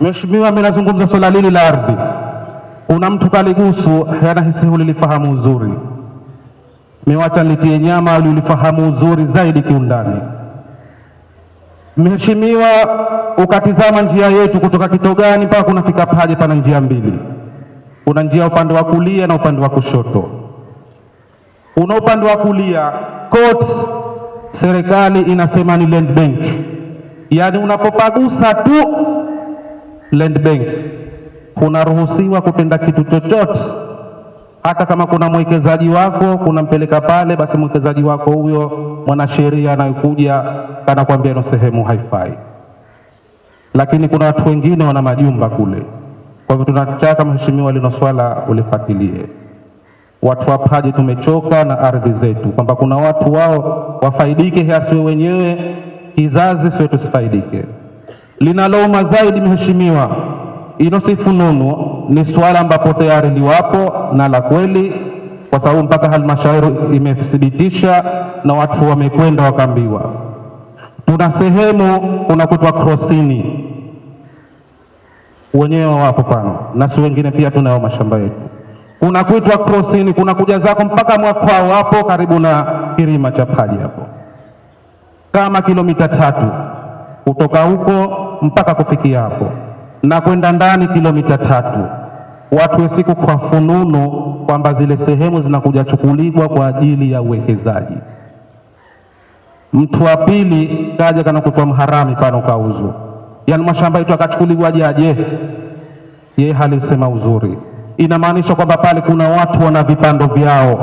Mheshimiwa nazungumza swala lili la ardhi, una mtu kaligusu yanahisi ulilifahamu uzuri. Mewacha nilitie nyama, ulifahamu uzuri zaidi kiundani. Mheshimiwa, ukatizama njia yetu kutoka Kitogani mpaka kunafika Paje, pana njia mbili, una njia upande wa kulia na upande wa kushoto. Una upande wa kulia courts, serikali inasema ni land bank, yaani unapopagusa tu Land Bank, hunaruhusiwa kutenda kitu chochote, hata kama kuna mwekezaji wako kunampeleka pale, basi mwekezaji wako huyo mwanasheria kana kanakwambia ino sehemu haifai, lakini kuna watu wengine wana majumba kule. Kwa hivyo tunataka mheshimiwa, lino swala ulifuatilie. Watu wa Paje tumechoka na ardhi zetu, kwamba kuna watu wao wafaidike, hasiwe wenyewe kizazi, sio tusifaidike linalouma zaidi, mheshimiwa, inosifu nunu ni swala ambapo tayari liwapo na la kweli, kwa sababu mpaka halmashauri imethibitisha na watu wamekwenda wakaambiwa. Tuna sehemu unakutwa krosini, wenyewe wapo pano na si wengine, pia tunao mashamba yetu. Kunakuitwa krosini, kuna kuja zako mpaka mwakwao hapo karibu na kirima cha Paji hapo, kama kilomita tatu kutoka huko mpaka kufikia hapo na kwenda ndani kilomita tatu. Watu siku kwa fununu kwamba zile sehemu zinakuja chukuliwa kwa ajili ya uwekezaji. Mtu wa pili kaja kana kutoa mharami pano kauzu yani mashamba yetu akachukuliwa jaje? Yeye halisema uzuri, inamaanisha kwamba pale kuna watu wana vipando vyao,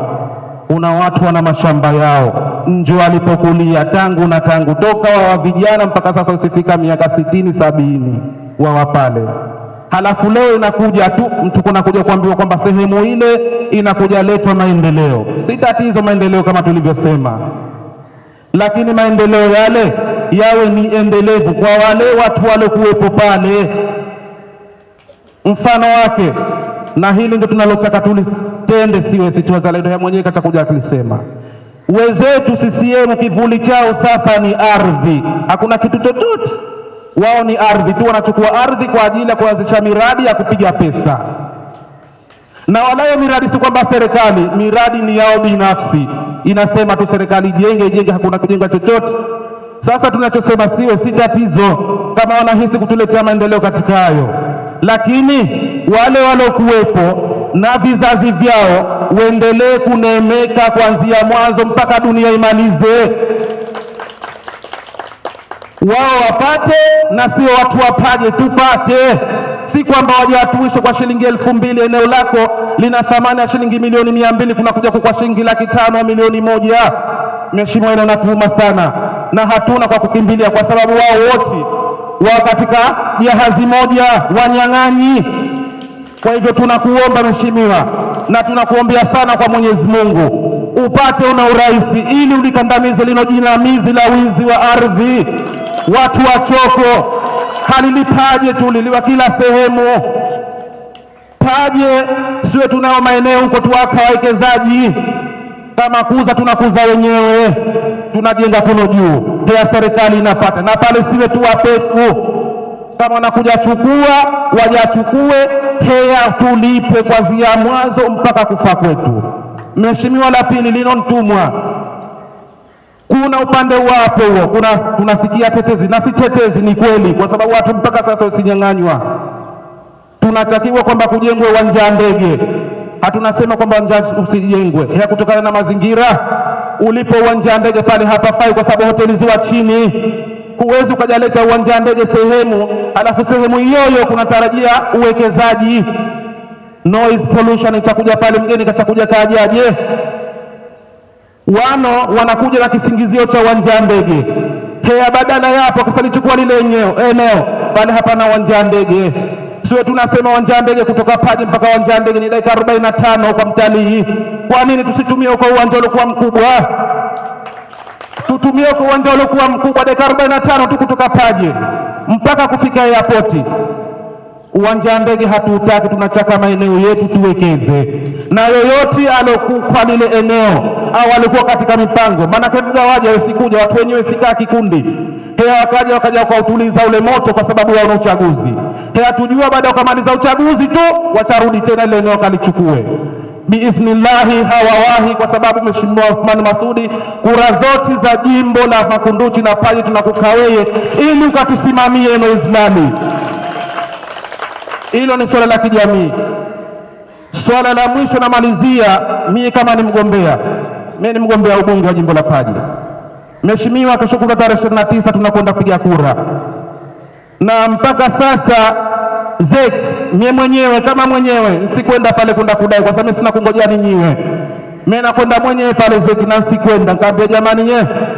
kuna watu wana mashamba yao njo alipokulia tangu na tangu toka wawa vijana mpaka sasa usifika miaka sitini sabini wawa pale. Halafu leo inakuja tu mtu kuja kuambiwa kwamba sehemu ile inakuja letwa maendeleo. Si tatizo maendeleo kama tulivyosema, lakini maendeleo yale yawe ni endelevu kwa wale watu waliokuwepo pale. Mfano wake na hili ndio tunalotaka tulitende, siwe sichozalendo ya mwenyewe katakuja akisema Wenzetu CCM kivuli chao sasa ni ardhi, hakuna kitu chochote. Wao ni ardhi tu, wanachukua ardhi kwa ajili ya kuanzisha miradi ya kupiga pesa, na walayo miradi si kwamba serikali, miradi ni yao binafsi. Inasema tu serikali jenge jenge hakuna kujenga chochote. Sasa tunachosema siwe si tatizo, kama wanahisi kutuletea maendeleo katika hayo, lakini wale walokuwepo na vizazi vyao uendelee kuneemeka kuanzia mwanzo mpaka dunia imalize, wao wapate na sio watu wapaje, tupate. Si kwamba wajawatuishwe kwa shilingi elfu mbili eneo lako lina thamani ya shilingi milioni mia mbili kunakuja kwa shilingi laki tano milioni moja. Mheshimiwa, ile natuuma sana na hatuna kwa kukimbilia, kwa sababu wao wote wao katika jahazi moja, wanyang'anyi kwa hivyo tunakuomba mheshimiwa, na tunakuombea sana kwa Mwenyezi Mungu upate una urais ili ulikandamize lilo jinamizi la wizi wa ardhi. Watu wa Choko halilipaje tu, liliwa kila sehemu. Paje siwe tunao maeneo huko tuwaka wawekezaji, kama kuza tunakuza wenyewe, tunajenga kuno juu, pia serikali inapata, na pale siwe tuwapeku kama wanakuja chukua, wajachukue hea, tulipe kwanzia mwanzo mpaka kufa kwetu. Mheshimiwa, la pili linontumwa kuna upande wapo huo, kuna tunasikia tetezi na si tetezi, ni kweli, kwa sababu watu mpaka sasa wasinyang'anywa. Tunatakiwa kwamba kujengwe uwanja wa ndege, hatunasema kwamba uwanja usijengwe, ya kutokana na mazingira. Ulipo uwanja wa ndege pale hapafai, kwa sababu hoteli ziwa chini huwezi ukajaleta uwanja ndege sehemu alafu sehemu hiyoyo kunatarajia uwekezaji. Noise pollution itakuja pale, mgeni katakuja kaajaje? Wano wanakuja na kisingizio cha uwanja ndege, hea badala yapo kasalichukua lile eneo pale, hapana uwanja ndege. Sio tunasema uwanja ndege kutoka Paje mpaka uwanja ndege ni dakika 45 kwa mtalii. Kwa nini tusitumie uko uwanja uliokuwa mkubwa? tutumie kwa uwanja uliokuwa mkubwa dakika 45 tu kutoka paje mpaka kufika airport. Uwanja wa ndege hatuutaki, tunataka maeneo yetu tuwekeze, na yoyote aliokufa lile eneo au alikuwa katika mipango, maanake mgawaja wasikuja watu wenyewe, sikaa kikundi hea, wakaja wakaja wakautuliza ule moto kwa sababu ya uchaguzi hea. Tujua baada ya kumaliza uchaguzi tu watarudi tena ile eneo kalichukue biiznillahi hawawahi, kwa sababu Mheshimiwa Othman Masudi, kura zote za jimbo la Makunduchi na pale tunakukaa wewe, ili ukatusimamie Uislamu. Hilo ni swala la kijamii. Swala la mwisho namalizia mimi, kama ni mgombea mimi, ni mgombea ubunge wa jimbo la Paje. Mheshimiwa, kashukuru tarehe 29 tunakwenda kupiga kura, na mpaka sasa Zeki, mie mwenyewe kama mwenyewe nsikwenda pale kwenda kudai, kwa sababu sina kungojea ninyiwe. Mimi nakwenda mwenyewe pale Zeki na sikwenda nikaambia jamani, nyewe